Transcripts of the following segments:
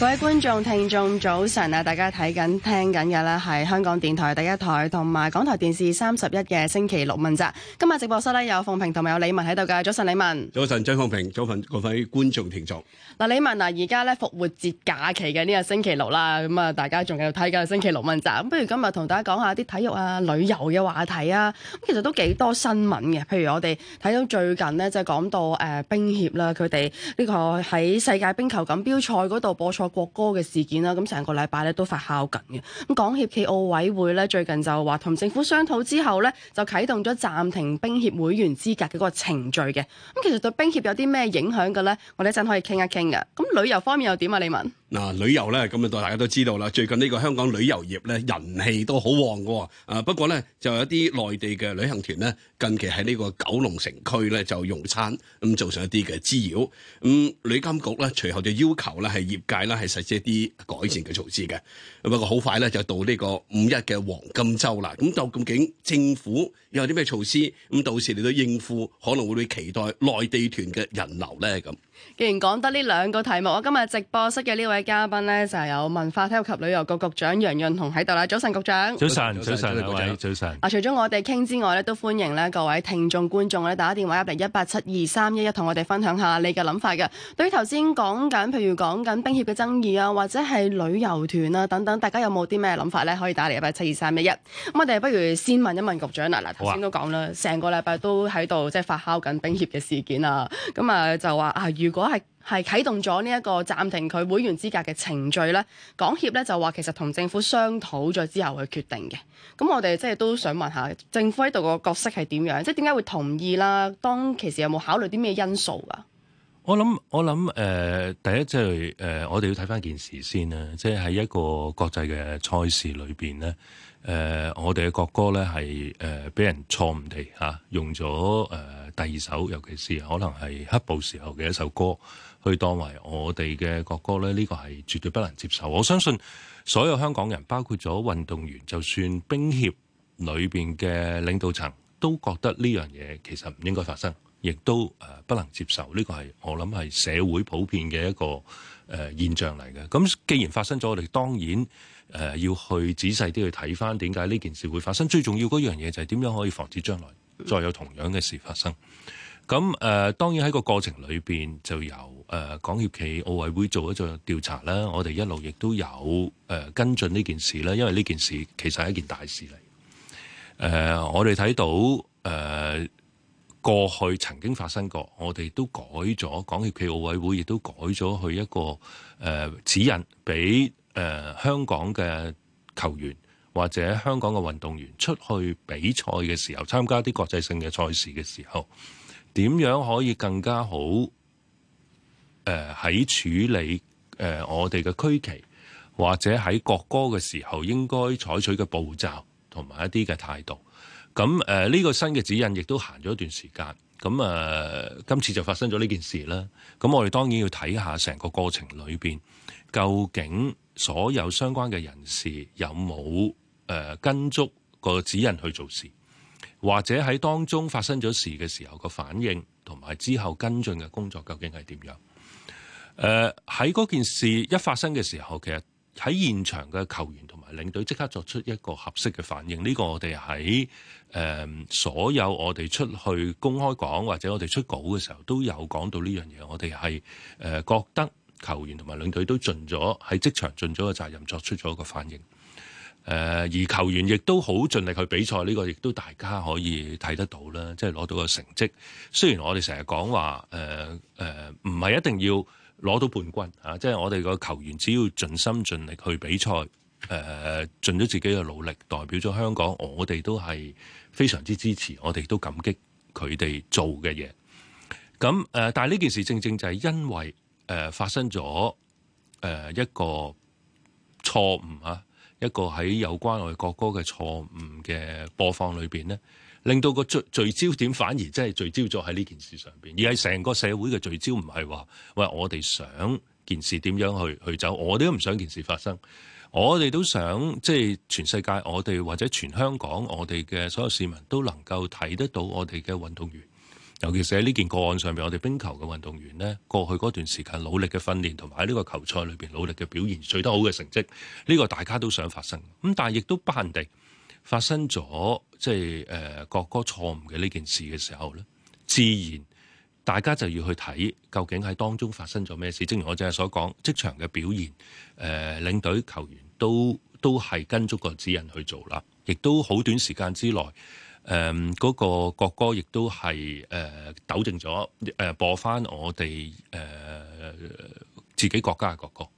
各位觀眾、聽眾，早晨啊！大家睇緊、聽緊嘅咧，係香港電台第一台同埋港台電視三十一嘅星期六問責。今日直播室呢有鳳平同埋有李文喺度嘅。早晨，李文。早晨，張鳳平。早晨，各位觀眾、聽眾。嗱，李文嗱、啊，而家咧復活節假期嘅呢個星期六啦，咁啊，大家仲有睇緊星期六問責。咁不如今日同大家講下啲體育啊、旅遊嘅話題啊，咁其實都幾多新聞嘅。譬如我哋睇到最近呢就講到、呃、冰協啦，佢哋呢個喺世界冰球錦標賽嗰度播錯。國歌嘅事件啦，咁成個禮拜咧都發酵緊嘅。咁港協暨奧委會咧最近就話同政府商討之後咧，就啟動咗暫停冰協會員資格嘅嗰個程序嘅。咁其實對冰協有啲咩影響嘅咧？我哋一陣可以傾一傾嘅。咁旅遊方面又點啊？李文？嗱、呃，旅遊咧咁啊，大家都知道啦。最近呢個香港旅遊業咧，人氣都好旺嘅。啊，不過咧就有一啲內地嘅旅行團咧，近期喺呢個九龍城區咧就用餐，咁造成一啲嘅滋擾。咁、嗯、旅監局咧，隨後就要求咧係業界啦係實施一啲改善嘅措施嘅。不過好快咧就到呢個五一嘅黃金週啦。咁、嗯、究竟政府有啲咩措施？咁、嗯、到時你都應付，可能會期待內地團嘅人流咧咁。既然講得呢兩個題目，我今日直播室嘅呢位嘅嘉賓咧就係有文化體育及旅遊局局，局長楊潤雄喺度啦，早晨，局長。早晨，早晨，早晨。早晨啊，早晨啊，除咗我哋傾之外咧，都歡迎咧各位聽眾觀眾咧打電話入嚟一八七二三一一，同我哋分享下你嘅諗法嘅。對於頭先講緊，譬如講緊冰協嘅爭議啊，或者係旅遊團啊等等，大家有冇啲咩諗法咧？可以打嚟一八七二三一一。咁我哋不如先問一問局長剛才啊。嗱，頭先都講啦，成個禮拜都喺度即係發酵緊冰協嘅事件啊。咁啊就話啊，如果係係啟動咗呢一個暫停佢會員資格嘅程序咧，港協咧就話其實同政府商討咗之後去決定嘅。咁我哋即係都想問下政府喺度個角色係點樣？即係點解會同意啦？當其時有冇考慮啲咩因素噶？我諗我諗誒第一即係誒我哋要睇翻件事先啦。即係喺一個國際嘅賽事裏邊咧，誒、呃、我哋嘅國歌咧係誒俾人錯誤地嚇、啊、用咗誒、呃、第二首，尤其是可能係黑暴時候嘅一首歌。去當為我哋嘅國歌咧，呢、這個係絕對不能接受。我相信所有香港人，包括咗運動員，就算冰協裏邊嘅領導層，都覺得呢樣嘢其實唔應該發生，亦都誒不能接受。呢、這個係我諗係社會普遍嘅一個誒、呃、現象嚟嘅。咁既然發生咗，我哋當然誒、呃、要去仔細啲去睇翻點解呢件事會發生。最重要嗰樣嘢就係點樣可以防止將來再有同樣嘅事發生。咁誒、呃，當然喺個過程裏邊就有。誒、呃、港協企奧委會做一做調查啦，我哋一路亦都有誒、呃、跟進呢件事啦，因為呢件事其實係一件大事嚟。誒、呃，我哋睇到誒、呃、過去曾經發生過，我哋都改咗港協企奧委會，亦都改咗去一個誒、呃、指引，俾、呃、誒香港嘅球員或者香港嘅運動員出去比賽嘅時候，參加啲國際性嘅賽事嘅時候，點樣可以更加好？誒喺、呃、處理誒、呃、我哋嘅區旗或者喺國歌嘅時候，應該採取嘅步驟同埋一啲嘅態度。咁誒呢個新嘅指引亦都行咗一段時間。咁、嗯、啊、呃，今次就發生咗呢件事啦。咁、嗯、我哋當然要睇下成個過程裏邊，究竟所有相關嘅人士有冇誒、呃、跟足個指引去做事，或者喺當中發生咗事嘅時候個反應同埋之後跟進嘅工作，究竟係點樣？誒喺嗰件事一發生嘅時候，其實喺現場嘅球員同埋領隊即刻作出一個合適嘅反應。呢個我哋喺誒所有我哋出去公開講或者我哋出稿嘅時候都有講到呢樣嘢。我哋係誒覺得球員同埋領隊都盡咗喺職場盡咗嘅責任，作出咗一個反應。誒而球員亦都好盡力去比賽，呢個亦都大家可以睇得到啦。即係攞到個成績。雖然我哋成日講話誒誒唔係一定要。攞到冠軍即係我哋個球員只要盡心盡力去比賽，誒、呃、盡咗自己嘅努力，代表咗香港，我哋都係非常之支持，我哋都感激佢哋做嘅嘢。咁但係呢件事正正就係因為誒發生咗一個錯誤一個喺有關外國歌嘅錯誤嘅播放裏面咧。令到個聚聚焦點反而真係聚焦咗喺呢件事上面，而係成個社會嘅聚焦唔係話喂，我哋想件事點樣去去走，我哋都唔想件事發生。我哋都想即係全世界，我哋或者全香港，我哋嘅所有市民都能夠睇得到我哋嘅運動員，尤其是喺呢件個案上面。我哋冰球嘅運動員呢，過去嗰段時間努力嘅訓練同埋喺呢個球賽裏面努力嘅表現，取得好嘅成績，呢個大家都想發生。咁但亦都不幸地發生咗。即係誒國歌錯誤嘅呢件事嘅時候咧，自然大家就要去睇究竟喺當中發生咗咩事。正如我正係所講，職場嘅表現，誒、呃、領隊、球員都都係跟足個指引去做啦，亦都好短時間之內，誒、呃、嗰、那個國歌亦都係誒、呃、糾正咗，誒、呃、播返我哋誒、呃、自己國家嘅國歌。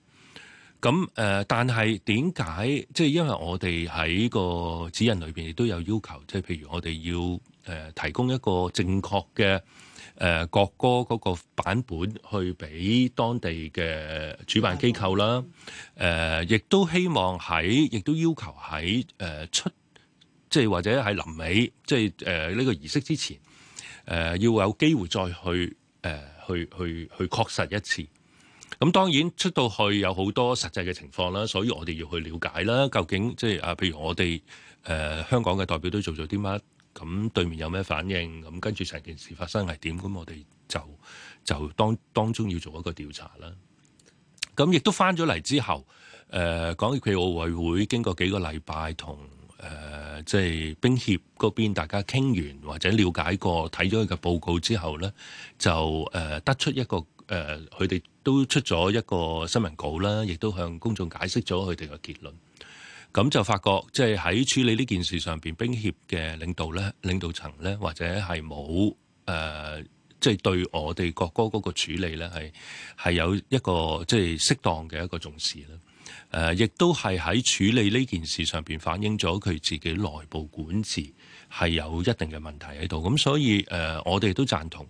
咁誒，但係點解？即係因為我哋喺個指引裏邊亦都有要求，即係譬如我哋要誒提供一個正確嘅誒國歌嗰個版本去俾當地嘅主辦機構啦。誒的，亦、呃、都希望喺，亦都要求喺誒出，即係或者喺臨尾，即係誒呢個儀式之前，誒、呃、要有機會再去誒、呃、去去去確實一次。咁當然出到去有好多實際嘅情況啦，所以我哋要去了解啦，究竟即係啊，譬如我哋誒、呃、香港嘅代表都做咗啲乜，咁對面有咩反應，咁跟住成件事發生係點，咁我哋就就當當中要做一個調查啦。咁亦都翻咗嚟之後，誒講起佢奧委會經過幾個禮拜同誒即係冰協嗰邊大家傾完或者了解過睇咗佢嘅報告之後咧，就誒、呃、得出一個。誒，佢哋、呃、都出咗一個新聞稿啦，亦都向公眾解釋咗佢哋嘅結論。咁就發覺，即係喺處理呢件事上邊，冰協嘅領導咧、領導層咧，或者係冇誒，即、呃、係、就是、對我哋國歌嗰個處理咧，係係有一個即係、就是、適當嘅一個重視啦。誒、呃，亦都係喺處理呢件事上邊反映咗佢自己內部管治係有一定嘅問題喺度。咁所以誒、呃，我哋都贊同。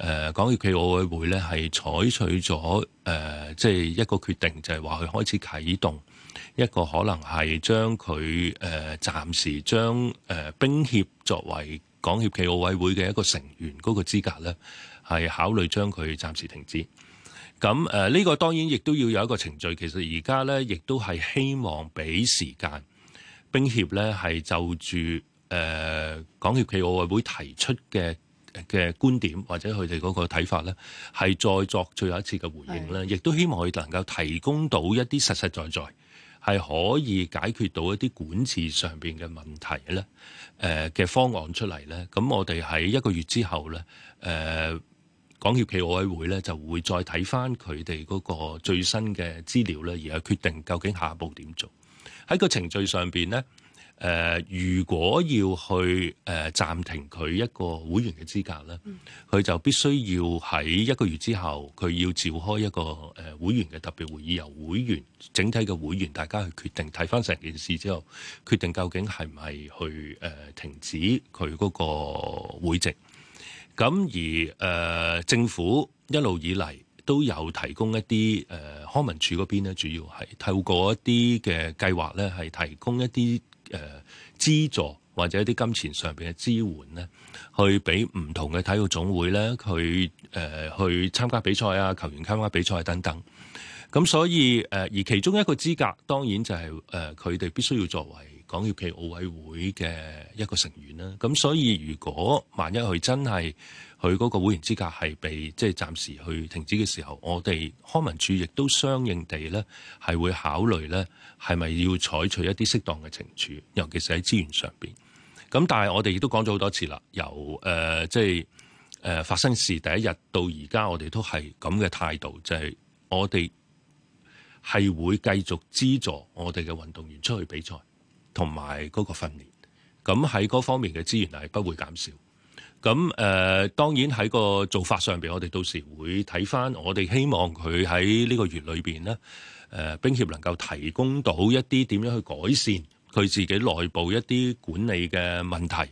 誒，港協企奧委會咧，係採取咗誒，即係一個決定，就係話佢開始啟動一個可能係將佢誒暫時將誒冰協作為港協企奧委會嘅一個成員嗰個資格咧，係考慮將佢暫時停止。咁誒呢個當然亦都要有一個程序，其實而家咧亦都係希望俾時間冰協咧，係就住誒港協企奧委會提出嘅嘅觀點或者佢哋嗰個睇法呢，係再作最後一次嘅回應咧，亦都的希望佢能夠提供到一啲實實在在係可以解決到一啲管治上邊嘅問題咧，誒、呃、嘅方案出嚟呢，咁我哋喺一個月之後呢，誒、呃、港協暨奧委會呢，就會再睇翻佢哋嗰個最新嘅資料呢，而係決定究竟下一步點做喺個程序上邊呢。誒、呃，如果要去誒、呃、暫停佢一個會員嘅資格咧，佢就必須要喺一個月之後，佢要召開一個誒會員嘅特別會議，由會員整體嘅會員大家去決定，睇翻成件事之後，決定究竟係唔係去誒、呃、停止佢嗰個會籍。咁而誒、呃、政府一路以嚟都有提供一啲誒、呃、康文署嗰邊咧，主要係透過一啲嘅計劃咧，係提供一啲。誒、呃、資助或者一啲金錢上面嘅支援咧，去俾唔同嘅體育總會咧、呃，去參加比賽啊、球員參加比賽等等。咁所以誒、呃，而其中一個資格當然就係、是、誒，佢、呃、哋必須要作為港協暨奧委會嘅一個成員啦，咁所以如果萬一佢真係佢嗰個會員資格係被即係、就是、暫時去停止嘅時候，我哋康文署亦都相應地咧係會考慮咧係咪要採取一啲適當嘅懲處，尤其是喺資源上邊。咁但係我哋亦都講咗好多次啦，由誒即係誒發生事第一日到而家，我哋都係咁嘅態度，就係、是、我哋係會繼續資助我哋嘅運動員出去比賽。同埋嗰個訓練，咁喺嗰方面嘅資源係不會減少。咁誒、呃、當然喺個做法上邊，我哋到時會睇翻。我哋希望佢喺呢個月裏邊咧，誒冰協能夠提供到一啲點樣去改善佢自己內部一啲管理嘅問題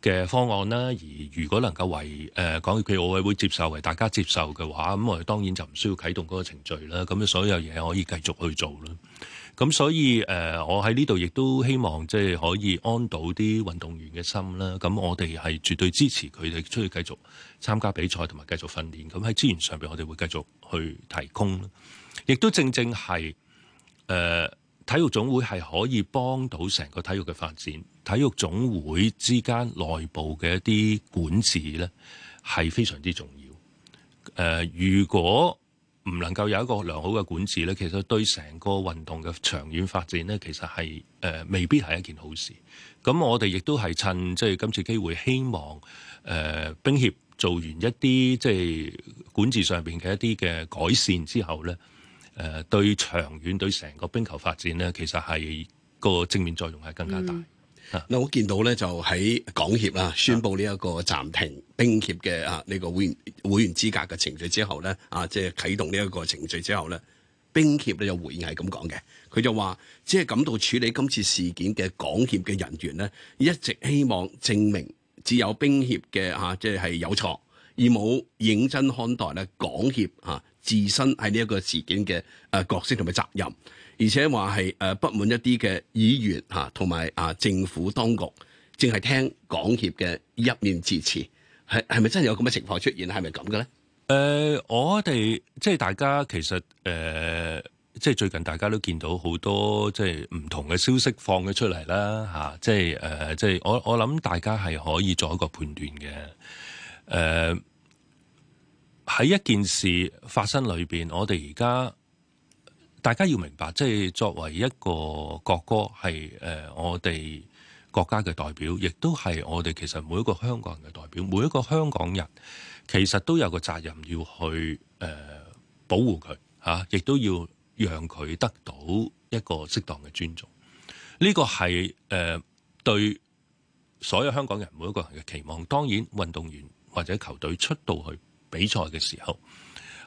嘅方案啦。而如果能夠為誒講，譬如奧委會接受，為大家接受嘅話，咁我哋當然就唔需要啟動嗰個程序啦。咁所有嘢可以繼續去做啦。咁所以誒我喺呢度亦都希望即係可以安到啲運動員嘅心啦。咁我哋係絕對支持佢哋出去繼續參加比賽同埋繼續訓練。咁喺資源上邊，我哋會繼續去提供。亦都正正係誒、呃、體育總會係可以幫到成個體育嘅發展。體育總會之間內部嘅一啲管治咧，係非常之重要。誒、呃。如果唔能夠有一個良好嘅管治咧，其實對成個運動嘅長遠發展咧，其實係誒、呃、未必係一件好事。咁我哋亦都係趁即係今次機會希望誒冰協做完一啲即係管治上邊嘅一啲嘅改善之後咧，誒、呃、對長遠對成個冰球發展咧，其實是，係、個正面作用係更加大。嗯嗱，我見到咧就喺港協啦，宣布呢一個暫停冰協嘅啊呢個會員會員資格嘅程序之後咧，啊即係啟動呢一個程序之後咧，冰協咧就回應係咁講嘅，佢就話即係感到處理今次事件嘅港協嘅人員咧，一直希望證明只有冰協嘅嚇即係係有錯，而冇認真看待咧港協嚇自身喺呢一個事件嘅誒角色同埋責任。而且話係誒不滿一啲嘅議員嚇，同埋啊政府當局，淨係聽港協嘅一面之詞，係係咪真係有咁嘅情況出現？係咪咁嘅咧？誒、呃，我哋即係大家其實誒、呃，即係最近大家都見到好多即係唔同嘅消息放咗出嚟啦嚇，即係誒、呃，即係我我諗大家係可以做一個判斷嘅。誒、呃、喺一件事發生裏邊，我哋而家。大家要明白，即係作為一個國歌係誒、呃、我哋國家嘅代表，亦都係我哋其實每一個香港人嘅代表。每一個香港人其實都有個責任要去誒、呃、保護佢吓，亦都要讓佢得到一個適當嘅尊重。呢、這個係誒、呃、對所有香港人每一個人嘅期望。當然，運動員或者球隊出到去比賽嘅時候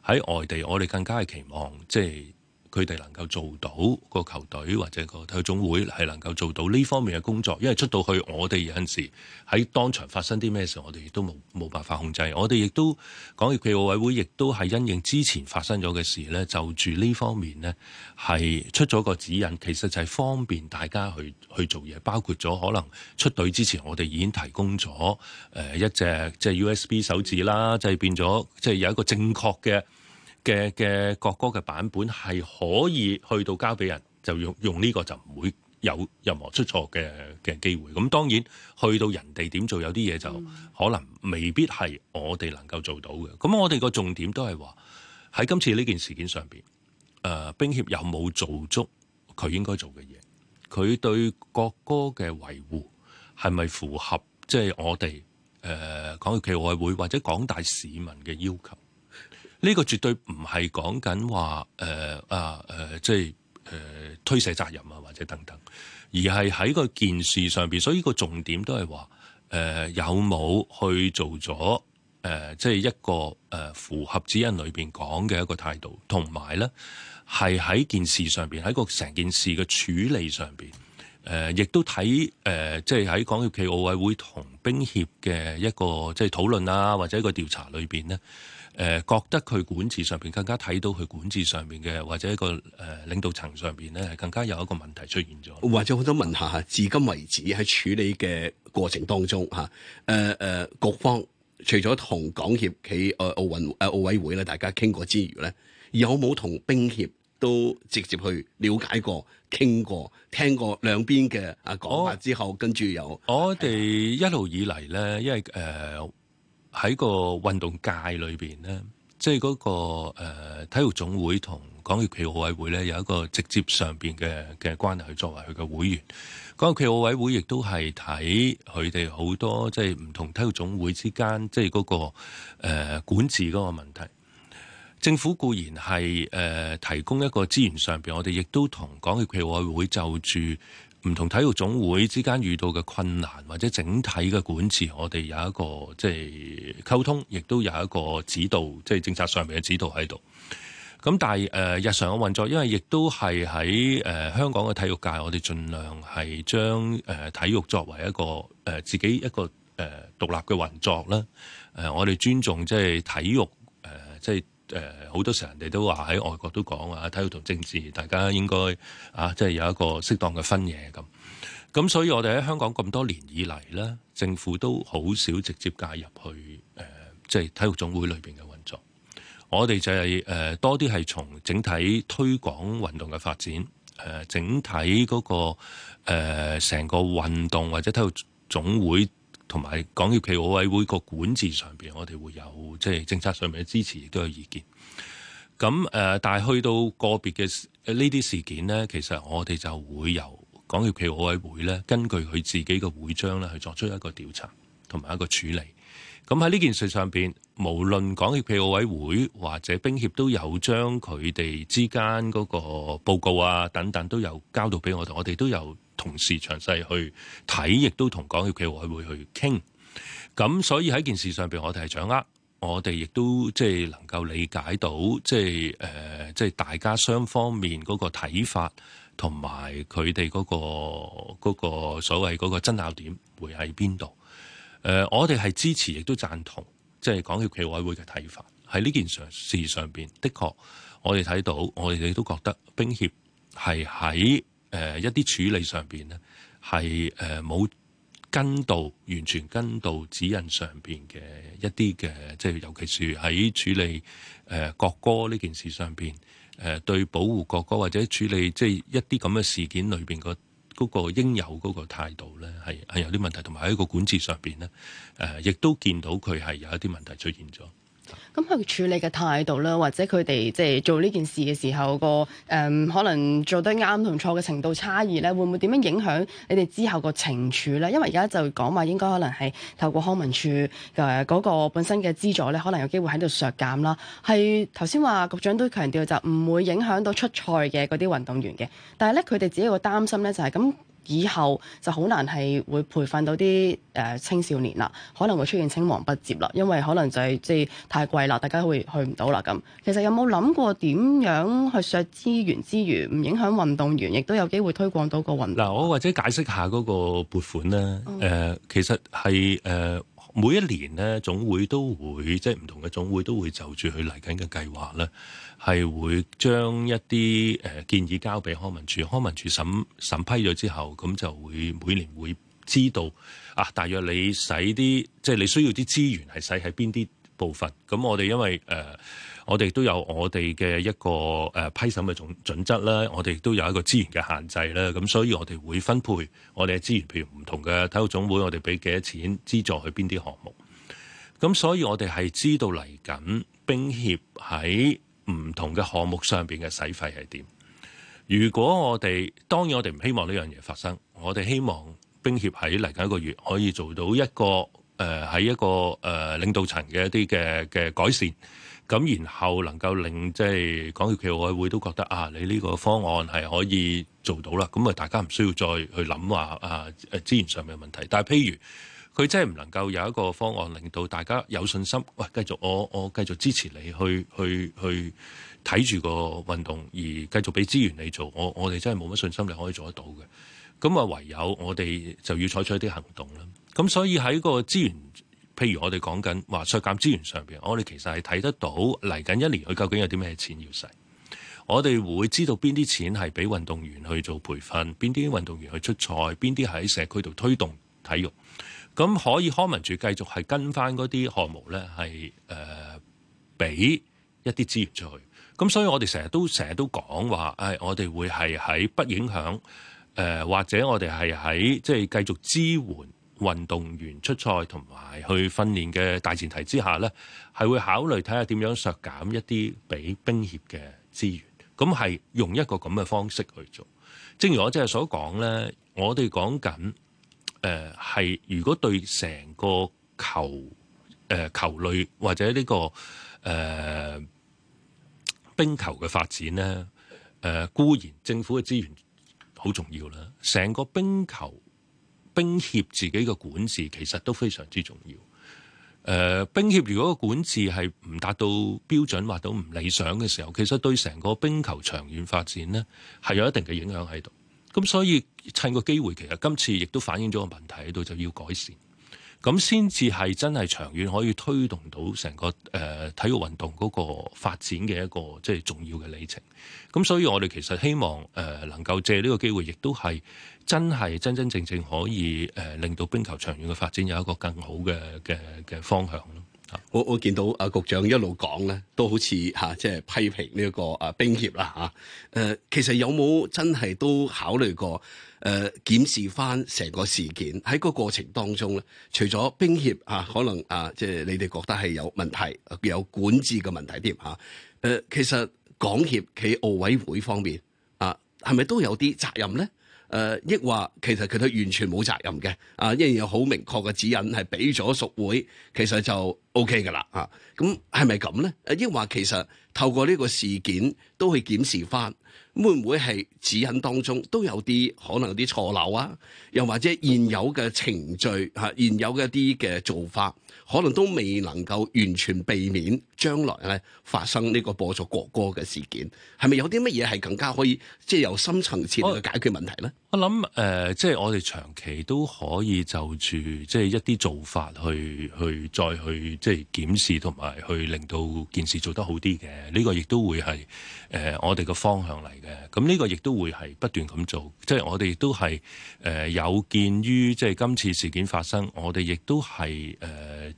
喺外地，我哋更加係期望即係。佢哋能夠做到個球隊或者個體育總會係能夠做到呢方面嘅工作，因為出到去我哋有陣時喺當場發生啲咩事，我哋亦都冇冇辦法控制。我哋亦都港協暨奧委會亦都係因應之前發生咗嘅事呢，就住呢方面呢係出咗個指引，其實就係方便大家去去做嘢，包括咗可能出隊之前，我哋已經提供咗誒、呃、一隻即係、就是、USB 手指啦，就係、是、變咗即係有一個正確嘅。嘅嘅國歌嘅版本係可以去到交俾人就用，用呢個就唔會有任何出錯嘅嘅機會，咁當然去到人哋點做有啲嘢就可能未必係我哋能夠做到嘅。咁我哋個重點都係話，喺今次呢件事件上邊誒、呃、冰協有冇做足佢應該做嘅嘢？佢對國歌嘅維護係咪符合即係、就是、我哋誒港協暨奧委會或者廣大市民嘅要求？呢個絕對唔係講緊話誒啊誒、呃，即係誒、呃、推卸責任啊，或者等等，而係喺個件事上邊，所以這個重點都係話誒有冇去做咗誒、呃，即係一個誒、呃、符合指引裏邊講嘅一個態度，同埋咧係喺件事上邊，喺個成件事嘅處理上邊，誒、呃、亦都睇誒、呃，即係喺港協暨奧委會同冰協嘅一個即係討論啊，或者一個調查裏邊咧。誒覺得佢管治上邊更加睇到佢管治上面嘅或者一個誒領導層上邊咧，更加有一個問題出現咗。或者我想問下，至今為止喺處理嘅過程當中嚇，誒誒局方除咗同港協、暨誒奧運誒奧委會咧，大家傾過之餘咧，有冇同冰協都直接去了解過、傾過、聽過兩邊嘅啊講法之後，哦、跟住又我哋一路以嚟咧，因為誒。呃喺個運動界裏邊，咧、即係嗰個，即係嗰個誒體育總會同港協暨奧委會咧，有一個直接上邊嘅嘅關係，作為佢嘅會員，港協暨奧委會亦都係睇佢哋好多即係唔同體育總會之間即係嗰個、呃、管治嗰個問題。政府固然係、呃、提供一個資源上邊，我哋亦都同港協暨奧委會就住。唔同體育總會之間遇到嘅困難，或者整體嘅管治，我哋有一個即係溝通，亦都有一個指導，即係政策上面嘅指導喺度。咁但係、呃、日常嘅運作，因為亦都係喺、呃、香港嘅體育界，我哋盡量係將誒體育作為一個、呃、自己一個誒獨、呃、立嘅運作啦、呃。我哋尊重即係體育、呃、即係。誒好多時候人哋都話喺外國都講啊，體育同政治大家應該啊，即係有一個適當嘅分野咁。咁所以我哋喺香港咁多年以嚟呢，政府都好少直接介入去誒，即係體育總會裏邊嘅運作。我哋就係誒多啲係從整體推廣運動嘅發展，誒整體嗰個誒成個運動或者體育總會。同埋港協企奧委會個管治上面，我哋會有即係政策上面嘅支持，亦都有意見。咁但係去到個別嘅呢啲事件呢，其實我哋就會由港協企奧委會咧，根據佢自己嘅會章去作出一個調查同埋一個處理。咁喺呢件事上面，無論港協企奧委會或者冰協都有將佢哋之間嗰個報告啊等等，都有交到俾我哋，我哋都有。同時詳細去睇，亦都同港協企委會去傾。咁所以喺件事上面，我哋係掌握，我哋亦都即係能夠理解到，即係、呃、即係大家雙方面嗰個睇法，同埋佢哋嗰個嗰、嗰個所謂嗰個爭拗點會喺邊度。誒、呃，我哋係支持，亦都贊同，即、就、係、是、港協企委會嘅睇法。喺呢件上事上面，的確我哋睇到，我哋都覺得冰協係喺。誒、呃、一啲處理上邊呢，係誒冇跟到完全跟到指引上邊嘅一啲嘅，即係尤其是喺處理誒、呃、國歌呢件事上邊，誒、呃、對保護國歌或者處理即係一啲咁嘅事件裏邊個嗰個應有嗰個態度呢，係係有啲問題，同埋喺個管治上邊呢，誒、呃、亦都見到佢係有一啲問題出現咗。咁佢處理嘅態度啦，或者佢哋即係做呢件事嘅時候個誒，可能做得啱同錯嘅程度差異咧，會唔會點樣影響你哋之後個懲處咧？因為而家就講話應該可能係透過康文署嗰個本身嘅資助咧，可能有機會喺度削減啦。係頭先話局長都強調就唔會影響到出賽嘅嗰啲運動員嘅，但係咧佢哋自己個擔心咧就係、是、咁。以後就好難係會培訓到啲誒青少年啦，可能會出現青黃不接啦，因為可能就係即係太貴啦，大家會去唔到啦咁。其實有冇諗過點樣去削資源之餘，唔影響運動員，亦都有機會推廣到個運動員？嗱，我或者解釋下嗰個撥款咧。誒、嗯呃，其實係誒、呃、每一年咧總會都會即係唔同嘅總會都會就住佢嚟緊嘅計劃咧。係會將一啲建議交俾康文署，康文署審，審批咗之後，咁就會每年會知道啊。大約你使啲即係你需要啲資源係使喺邊啲部分。咁我哋因為誒、呃，我哋都有我哋嘅一個、呃、批審嘅準準則啦。我哋亦都有一個資源嘅限制啦。咁所以，我哋會分配我哋嘅資源，譬如唔同嘅體育總會我，我哋俾幾多錢資助去邊啲項目。咁所以，我哋係知道嚟緊冰協喺唔同嘅項目上面嘅使費係點？如果我哋當然我哋唔希望呢樣嘢發生，我哋希望冰協喺嚟緊一個月可以做到一個誒喺、呃、一個誒、呃、領導層嘅一啲嘅嘅改善，咁然後能夠令即係港協暨奧委會都覺得啊，你呢個方案係可以做到啦，咁啊大家唔需要再去諗話啊誒資源上面嘅問題，但係譬如。佢真係唔能夠有一個方案令到大家有信心。喂，繼續，我我繼續支持你去去去睇住個運動而繼續俾資源你做。我我哋真係冇乜信心你可以做得到嘅。咁啊，唯有我哋就要採取一啲行動啦。咁所以喺個資源，譬如我哋講緊話削減資源上面，我哋其實係睇得到嚟緊一年佢究竟有啲咩錢要使。我哋會知道邊啲錢係俾運動員去做培訓，邊啲運動員去出賽，邊啲喺社區度推動體育。咁可以康文署繼續係跟翻嗰啲項目咧，係誒，俾一啲資源出去。咁所以我哋成日都成日都講話誒，我哋會係喺不影響誒、呃，或者我哋係喺即係繼續支援運動員出賽同埋去訓練嘅大前提之下咧，係會考慮睇下點樣削減一啲俾冰協嘅資源。咁係用一個咁嘅方式去做。正如我即係所講咧，我哋講緊。誒，係、呃、如果對成個球誒、呃、球類或者呢、這個誒、呃、冰球嘅發展咧，誒、呃、固然政府嘅資源好重要啦，成個冰球冰協自己嘅管治其實都非常之重要。誒、呃，冰協如果個管治係唔達到標準或到唔理想嘅時候，其實對成個冰球長遠發展呢，係有一定嘅影響喺度。咁所以趁個機會，其實今次亦都反映咗個問題喺度，就要改善，咁先至係真係長遠可以推動到成個誒體育運動嗰個發展嘅一個即係重要嘅里程。咁所以我哋其實希望誒能夠借呢個機會，亦都係真係真真正正可以誒令到冰球長遠嘅發展有一個更好嘅嘅嘅方向。我我見到阿局長一路講咧，都好似嚇、啊、即係批評呢一個冰啊冰協啦嚇。誒，其實有冇真係都考慮過誒、啊、檢視翻成個事件喺個過程當中咧？除咗冰協啊，可能啊即係你哋覺得係有問題、有管治嘅問題添嚇。誒、啊，其實港協暨奧委會方面啊，係咪都有啲責任咧？誒，抑或其實佢都完全冇責任嘅？啊，依然有好、啊啊、明確嘅指引係俾咗屬會，其實就。O K 噶啦，啊、okay，咁係咪咁咧？抑話其實透過呢個事件都去檢視翻，會唔會係指引當中都有啲可能有啲錯漏啊？又或者現有嘅程序吓、啊，現有嘅一啲嘅做法，可能都未能夠完全避免將來咧發生呢個播咗國歌嘅事件，係咪有啲乜嘢係更加可以即係、就是、由深層次去解決問題咧？Okay. 我諗、呃、即係我哋長期都可以就住即係一啲做法去去再去即係檢視，同埋去令到件事做得好啲嘅。呢、這個亦都會係誒、呃、我哋嘅方向嚟嘅。咁、這、呢個亦都會係不斷咁做。即係我哋亦都係誒有見於即係今次事件發生，我哋亦都係誒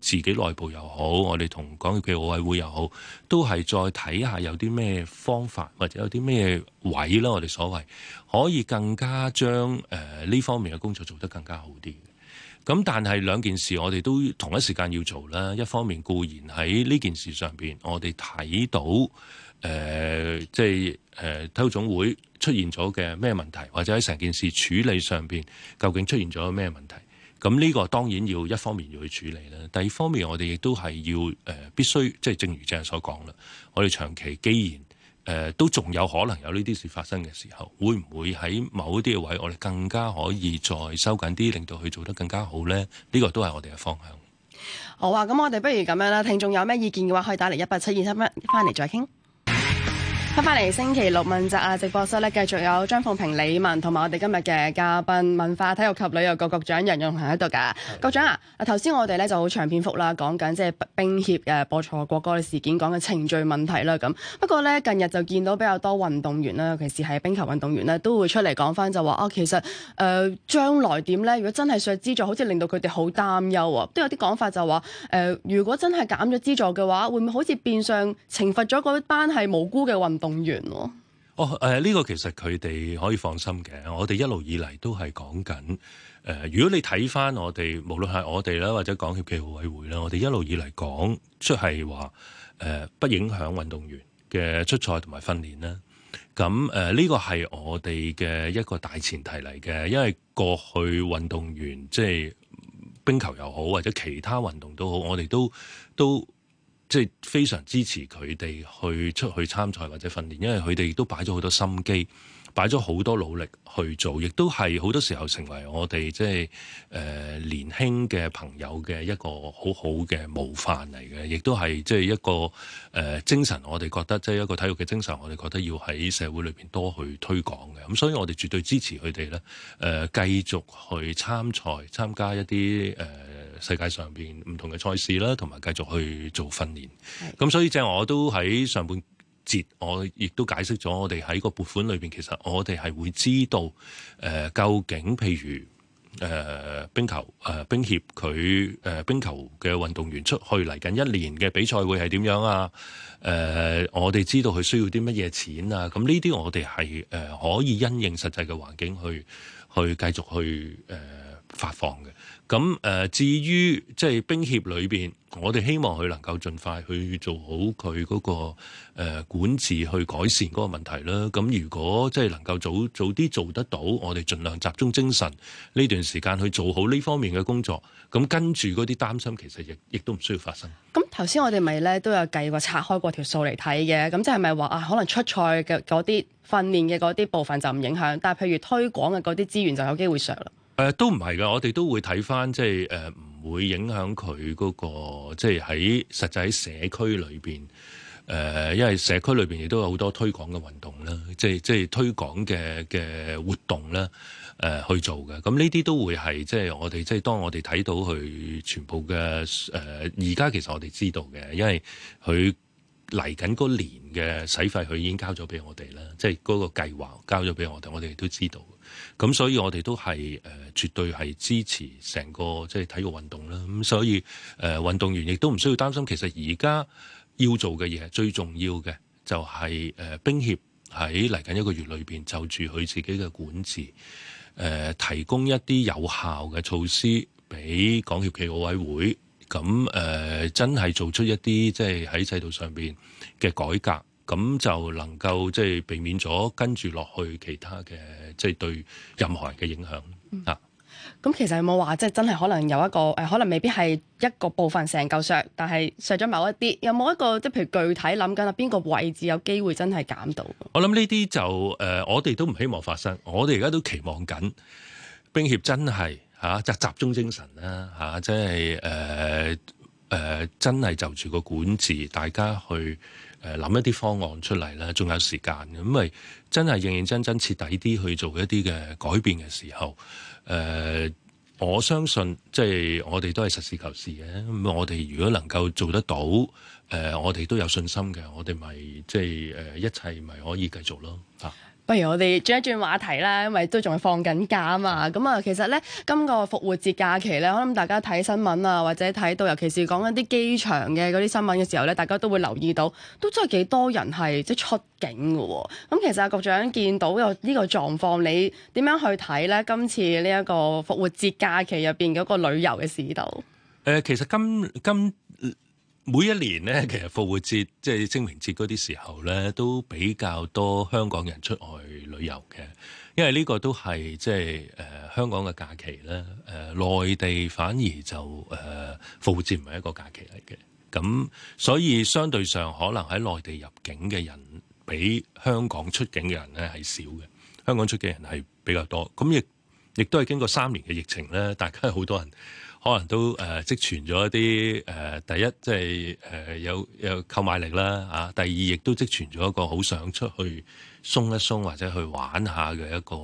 自己內部又好，我哋同港協嘅奧委會又好，都係再睇下有啲咩方法，或者有啲咩位啦。我哋所謂。可以更加將誒呢方面嘅工作做得更加好啲嘅，咁但係兩件事我哋都同一時間要做啦。一方面固然喺呢件事上邊我們看，我哋睇到誒即係、呃、體育總會出現咗嘅咩問題，或者喺成件事處理上邊究竟出現咗咩問題？咁呢個當然要一方面要去處理啦。第二方面我哋亦都係要、呃、必須，即正如正所講啦，我哋長期既然。誒、呃、都仲有可能有呢啲事發生嘅時候，會唔會喺某一啲嘅位，我哋更加可以再收緊啲，令到佢做得更加好呢？呢、這個都係我哋嘅方向。好啊，咁我哋不如咁樣啦，聽眾有咩意見嘅話，可以打嚟一八七二三一，翻嚟再傾。翻返嚟星期六問責啊！直播室咧繼續有張鳳平、李文同埋我哋今日嘅嘉賓，文化體育及旅遊局局長楊潤雄喺度㗎。的局長啊，嗱頭先我哋咧就好長篇幅啦，講緊即係冰協嘅播錯國歌嘅事件，講嘅程序問題啦咁。不過咧，近日就見到比較多運動員啦，尤其是係冰球運動員咧，都會出嚟講翻就話哦、啊，其實誒將、呃、來點咧？如果真係削資助，好似令到佢哋好擔憂啊！都有啲講法就話誒、呃，如果真係減咗資助嘅話，會唔會好似變相懲罰咗嗰班係無辜嘅運動員，哦誒，呢、呃這個其實佢哋可以放心嘅。我哋一路以嚟都係講緊，誒、呃，如果你睇返我哋，無論係我哋啦，或者港協暨奧委會啦，我哋一路以嚟講即係話，誒、呃，不影響運動員嘅出賽同埋訓練啦。咁誒，呢、呃這個係我哋嘅一個大前提嚟嘅，因為過去運動員即係冰球又好或者其他運動都好，我哋都都。都即係非常支持佢哋去出去參賽或者訓練，因為佢哋亦都擺咗好多心機，擺咗好多努力去做，亦都係好多時候成為我哋即係誒年輕嘅朋友嘅一個好好嘅模範嚟嘅，亦都係即係一個誒、呃、精神，我哋覺得即係、就是、一個體育嘅精神，我哋覺得要喺社會裏邊多去推廣嘅。咁所以我哋絕對支持佢哋咧，誒、呃、繼續去參賽，參加一啲誒。呃世界上邊唔同嘅賽事啦，同埋繼續去做訓練。咁的所以正係我都喺上半節，我亦都解釋咗我哋喺個撥款裏邊，其實我哋係會知道誒、呃，究竟譬如誒冰球誒、呃、冰協佢誒冰球嘅運動員出去嚟緊一年嘅比賽會係點樣啊？誒、呃，我哋知道佢需要啲乜嘢錢啊？咁呢啲我哋係誒可以因應實際嘅環境去去繼續去誒、呃、發放嘅。咁至於即係冰協裏面，我哋希望佢能夠盡快去做好佢嗰個管治，去改善嗰個問題啦。咁如果即係能夠早早啲做得到，我哋盡量集中精神呢段時間去做好呢方面嘅工作。咁跟住嗰啲擔心，其實亦亦都唔需要發生。咁頭先我哋咪咧都有計過拆開過條數嚟睇嘅，咁即係咪話啊？可能出賽嘅嗰啲訓練嘅嗰啲部分就唔影響，但係譬如推廣嘅嗰啲資源就有機會削啦。誒、呃、都唔係㗎，我哋都會睇返即係誒，唔、呃、會影響佢嗰、嗰個即係喺實際喺社區裏面。誒、呃，因為社區裏面亦都有好多推廣嘅運動啦，即係即係推廣嘅嘅活動啦，誒、呃、去做嘅。咁呢啲都會係即係我哋即係當我哋睇到佢全部嘅誒，而、呃、家其實我哋知道嘅，因為佢嚟緊嗰年嘅使費，佢已經交咗俾我哋啦，即係嗰、嗰個計劃交咗俾我哋，我哋都知道。咁所以我哋都係誒、呃、絕對係支持成個即係體育運動啦。咁所以誒、呃、運動員亦都唔需要擔心。其實而家要做嘅嘢最重要嘅就係誒，冰協喺嚟緊一個月裏邊，就住佢自己嘅管治誒、呃、提供一啲有效嘅措施俾港協暨奧委，委會。咁誒、呃、真係做出一啲即係喺制度上邊嘅改革。咁就能夠即係避免咗跟住落去其他嘅即係對任何人嘅影響啊！咁、嗯、其實有冇話即係真係可能有一個可能未必係一個部分成嚿削，但係削咗某一啲，有冇一個即係譬如具體諗緊啦，邊個位置有機會真係減到？我諗呢啲就、呃、我哋都唔希望發生。我哋而家都期望緊冰協真係、啊、集中精神啦、啊、嚇，即係誒誒，真係、呃呃、就住個管治，大家去。誒諗一啲方案出嚟咧，仲有時間，咁咪真係認認真真徹底啲去做一啲嘅改變嘅時候，誒、呃、我相信即係、就是、我哋都係實事求是嘅。咁我哋如果能夠做得到，誒、呃、我哋都有信心嘅，我哋咪即係誒一切咪可以繼續咯嚇。不如我哋轉一轉話題啦，因為都仲係放緊假啊嘛。咁啊，其實咧，今個復活節假期咧，可能大家睇新聞啊，或者睇到，尤其是講緊啲機場嘅嗰啲新聞嘅時候咧，大家都會留意到，都真係幾多人係即係出境㗎喎。咁其實阿、啊、局長見到有呢個狀況，你點樣去睇咧？今次呢一個復活節假期入邊嗰個旅遊嘅市道？誒，其實今今。每一年呢，其實復活節即係清明節嗰啲時候呢，都比較多香港人出外旅遊嘅，因為呢個都係即係香港嘅假期咧。內、呃、內地反而就誒、呃、復活節唔係一個假期嚟嘅，咁所以相對上可能喺內地入境嘅人比香港出境嘅人呢係少嘅，香港出境嘅人係比較多。咁亦亦都係經過三年嘅疫情呢，大家好多人。可能都誒、呃、積存咗一啲誒、呃、第一，即係誒有有購買力啦嚇、啊。第二，亦都積存咗一個好想出去鬆一鬆或者去玩下嘅一個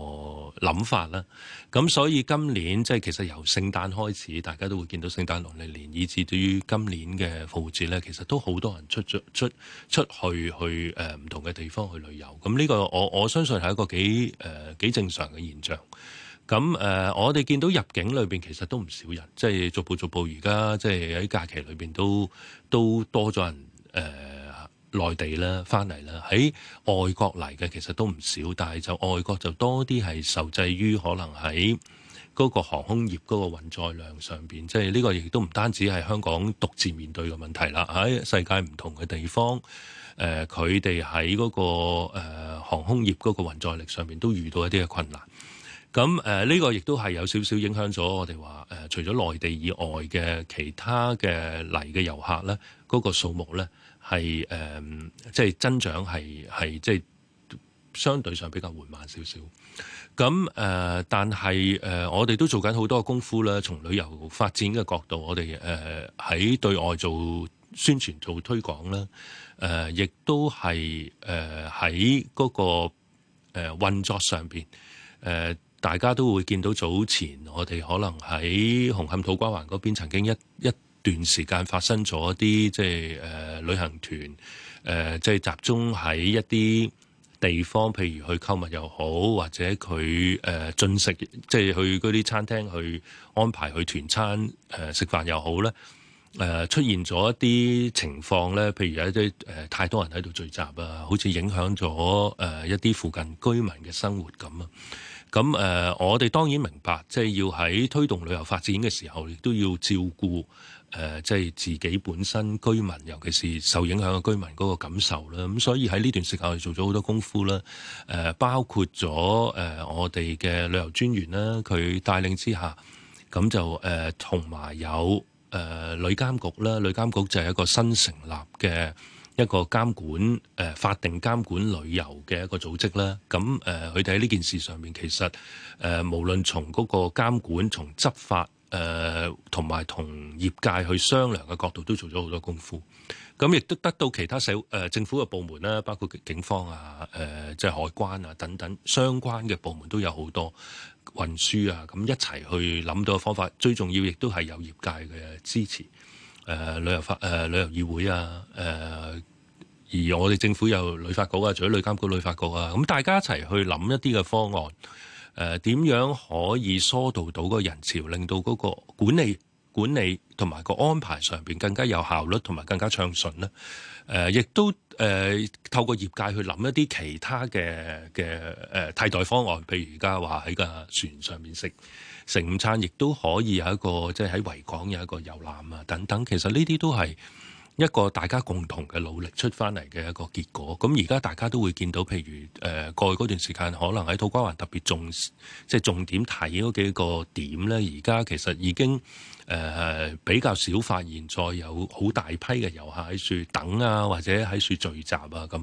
諗法啦。咁所以今年即係其實由聖誕開始，大家都會見到聖誕農曆年，以至於今年嘅復活節咧，其實都好多人出出出出去去呃、唔同嘅地方去旅遊。咁呢個我我相信係一個幾誒幾正常嘅現象。咁誒、呃，我哋見到入境裏面其實都唔少人，即、就、係、是、逐步逐步，而家即係喺假期裏面都都多咗人誒、呃，內地啦，翻嚟啦，喺外國嚟嘅其實都唔少，但係就外國就多啲係受制於可能喺嗰個航空業嗰個運載量上面，即係呢個亦都唔單止係香港獨自面對嘅問題啦，喺世界唔同嘅地方，誒佢哋喺嗰個、呃、航空業嗰個運載力上面都遇到一啲嘅困難。咁呢、呃呢個亦都係有少少影響咗我哋話、呃、除咗內地以外嘅其他嘅嚟嘅遊客咧，嗰、嗰個數目咧係即係增長係即係相對上比較緩慢少少。咁、呃、但係、呃、我哋都做緊好多功夫啦，從旅遊發展嘅角度，我哋喺、呃、對外做宣傳、做推廣啦，亦、呃、都係喺嗰個運、呃、運作上面。呃大家都會見到早前我哋可能喺紅磡土瓜灣嗰邊，曾經一一段時間發生咗啲即係旅行團即係、呃就是、集中喺一啲地方，譬如去購物又好，或者佢誒、呃、進食，即、就、係、是、去嗰啲餐廳去安排去團餐、呃、食飯又好咧、呃，出現咗一啲情況咧，譬如有一啲、呃、太多人喺度聚集啊，好似影響咗、呃、一啲附近居民嘅生活咁啊。咁誒、呃，我哋當然明白，即係要喺推動旅遊發展嘅時候，亦都要照顧誒、呃，即係自己本身居民，尤其是受影響嘅居民嗰個感受啦。咁所以喺呢段時間，我哋做咗好多功夫啦。誒、呃，包括咗誒、呃、我哋嘅旅遊專員啦，佢帶領之下，咁就誒同埋有誒旅、呃呃、監局啦，旅、呃、監局就係一個新成立嘅。一個監管誒、呃、法定監管旅遊嘅一個組織啦，咁誒佢哋喺呢件事上面，其實誒、呃、無論從嗰個監管、從執法誒同埋同業界去商量嘅角度，都做咗好多功夫。咁亦都得到其他社會、呃、政府嘅部門啦，包括警方啊、誒、呃、即係海關啊等等相關嘅部門都有好多運輸啊，咁一齊去諗到嘅方法。最重要亦都係有業界嘅支持。誒、呃、旅遊法誒、呃、旅遊議會啊，誒、呃、而我哋政府有旅發局啊，仲有旅監局、旅發局啊，咁大家一齊去諗一啲嘅方案，誒、呃、點樣可以疏導到個人潮，令到嗰個管理管理同埋個安排上面更加有效率，同埋更加暢順呢？亦、呃、都誒、呃、透過業界去諗一啲其他嘅嘅誒替代方案，譬如而家話喺個船上面食。食午餐，亦都可以有一個，即係喺維港有一個遊覽啊等等。其實呢啲都係一個大家共同嘅努力出翻嚟嘅一個結果。咁而家大家都會見到，譬如誒、呃、過去嗰段時間可能喺土瓜灣特別重即係重點睇嗰幾個點咧。而家其實已經誒、呃、比較少發現再有好大批嘅遊客喺樹等啊，或者喺樹聚集啊咁。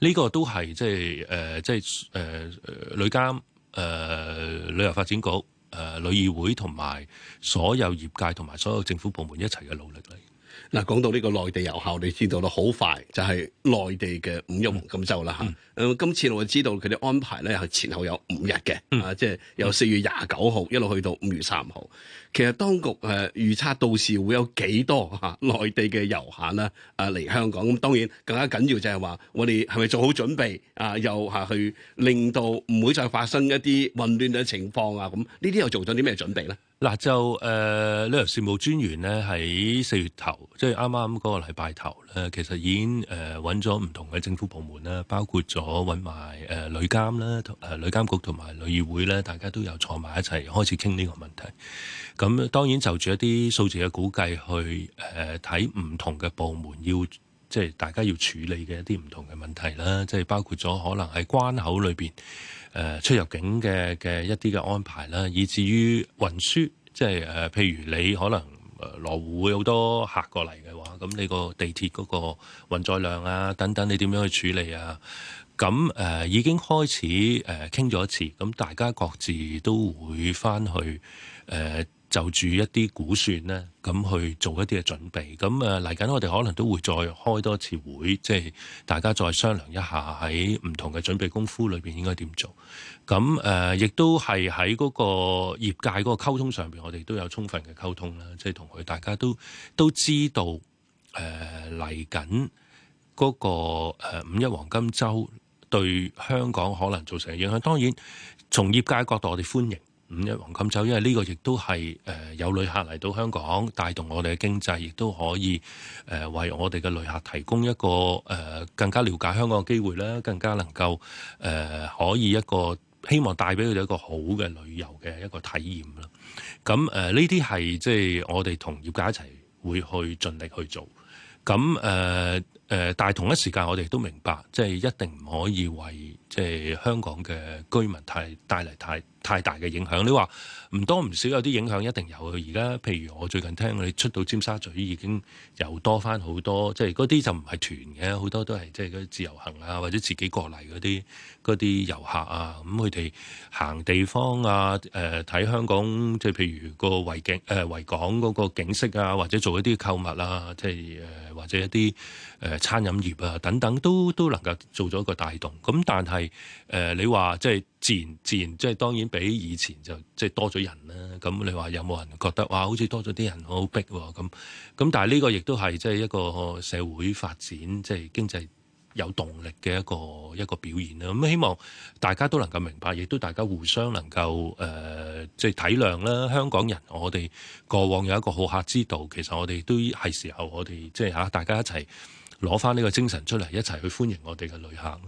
呢個都係即係誒、呃、即係誒、呃呃、旅監誒旅遊發展局。誒旅、呃、議會同埋所有業界同埋所有政府部門一齊嘅努力嚟。嗱，講到呢個內地遊客，你知道啦，好快就係內地嘅五一黃金週啦嚇。誒、嗯，今次我知道佢哋安排咧係前後有五日嘅，啊、嗯，即係由四月廿九號一路去到五月三號。其實當局誒預測到時會有幾多嚇內地嘅遊客咧啊嚟香港。咁當然更加緊要就係話，我哋係咪做好準備啊？又下去令到唔會再發生一啲混亂嘅情況啊？咁呢啲又做咗啲咩準備咧？嗱就誒旅遊事務專員咧，喺四月頭，即係啱啱嗰個禮拜頭咧，其實已經誒揾咗唔同嘅政府部門啦，包括咗揾埋誒旅監啦，誒、呃、旅監局同埋旅議會咧，大家都有坐埋一齊開始傾呢個問題。咁當然就住一啲數字嘅估計去誒睇唔同嘅部門要，即係大家要處理嘅一啲唔同嘅問題啦，即係包括咗可能喺關口裏面。誒出入境嘅嘅一啲嘅安排啦，以至於運輸，即係誒，譬如你可能羅湖會好多客過嚟嘅話，咁你個地鐵嗰個運載量啊等等，你點樣去處理啊？咁誒、呃、已經開始誒傾咗一次，咁大家各自都會翻去誒。呃就住一啲估算咧，咁去做一啲嘅準備，咁啊嚟緊，我哋可能都會再開多次會，即係大家再商量一下喺唔同嘅準備功夫裏邊應該點做。咁誒亦都係喺嗰個業界嗰個溝通上邊，我哋都有充分嘅溝通啦，即係同佢大家都都知道誒嚟緊嗰個誒五一黃金周對香港可能造成影響，當然，從業界角度，我哋歡迎。五一黃金周，因為呢個亦都係誒有旅客嚟到香港，帶動我哋嘅經濟，亦都可以誒為我哋嘅旅客提供一個誒更加了解香港嘅機會啦，更加能夠誒可以一個希望帶俾佢哋一個好嘅旅遊嘅一個體驗啦。咁誒呢啲係即係我哋同業界一齊會去盡力去做。咁誒誒，但係同一時間我哋都明白，即係一定唔可以為。即係香港嘅居民太帶嚟太太大嘅影響，你話唔多唔少有啲影響，一定有。而家譬如我最近聽你出到尖沙咀，已經又多返好多，即係啲就唔係團嘅，好多都係即係自由行啊，或者自己過嚟啲啲遊客啊，咁佢哋行地方啊，誒、呃、睇香港即係譬如個維景誒維港個景色啊，或者做一啲購物啊，即係誒、呃、或者一啲誒、呃、餐飲業啊等等，都都能夠做咗一個帶動，咁但係。誒、呃，你話即係自然，自然即係當然比以前就即係多咗人啦。咁你話有冇人覺得哇，好似多咗啲人好逼？咁咁但係呢個亦都係即係一個社會發展，即係經濟有動力嘅一個一個表現啦。咁希望大家都能夠明白，亦都大家互相能夠誒，即係體諒啦。香港人我哋過往有一個好客之道，其實我哋都係時候，我哋即係吓大家一齊攞翻呢個精神出嚟，一齊去歡迎我哋嘅旅客啦。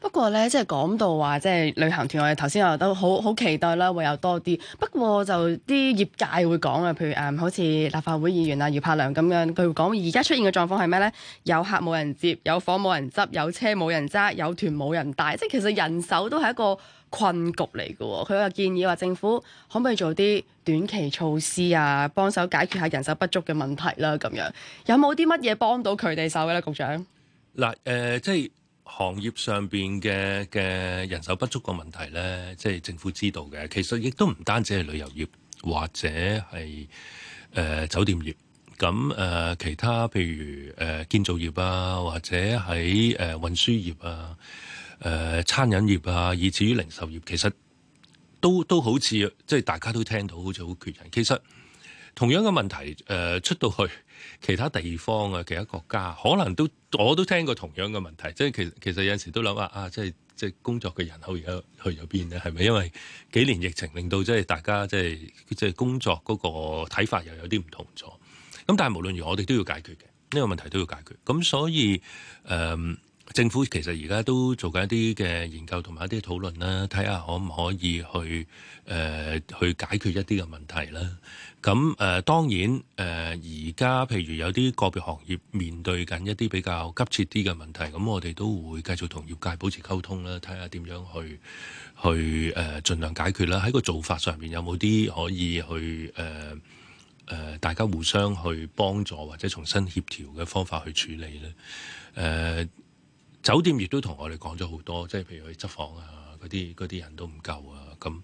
不過咧，即係講到話，即係旅行團，我哋頭先又都好好期待啦，會有多啲。不過就啲業界會講啊，譬如誒、嗯，好似立法會議員啊，姚柏良咁樣，佢會講而家出現嘅狀況係咩呢？有客冇人接，有房冇人執，有車冇人揸，有團冇人帶，即係其實人手都係一個困局嚟喎。佢又建議話政府可唔可以做啲短期措施啊，幫手解決下人手不足嘅問題啦、啊，咁樣有冇啲乜嘢幫到佢哋手嘅咧，局長？嗱、啊，誒、呃，即係。行業上邊嘅嘅人手不足嘅問題呢，即係政府知道嘅。其實亦都唔單止係旅遊業，或者係誒、呃、酒店業。咁誒、呃，其他譬如誒、呃、建造業啊，或者喺誒、呃、運輸業啊、誒、呃、餐飲業啊，以至於零售業，其實都都好似即係大家都聽到，好似好缺人。其實同樣嘅問題誒、呃、出到去其他地方啊，其他國家可能都。我都聽過同樣嘅問題，即係其實其實有陣時都諗下，啊，即係即係工作嘅人口而家去咗邊咧？係咪因為幾年疫情令到即係大家即係即係工作嗰個睇法又有啲唔同咗？咁但係無論如何，我哋都要解決嘅呢個問題都要解決。咁所以誒，嗯政府其實而家都做緊一啲嘅研究同埋一啲討論啦，睇下可唔可以去誒、呃、去解決一啲嘅問題啦。咁誒、呃、當然誒而家譬如有啲個別行業面對緊一啲比較急切啲嘅問題，咁我哋都會繼續同業界保持溝通啦，睇下點樣去去誒、呃、盡量解決啦。喺個做法上面，有冇啲可以去誒誒、呃呃、大家互相去幫助或者重新協調嘅方法去處理咧？誒、呃。酒店亦都同我哋講咗好多，即係譬如去執房啊，嗰啲嗰啲人都唔夠啊，咁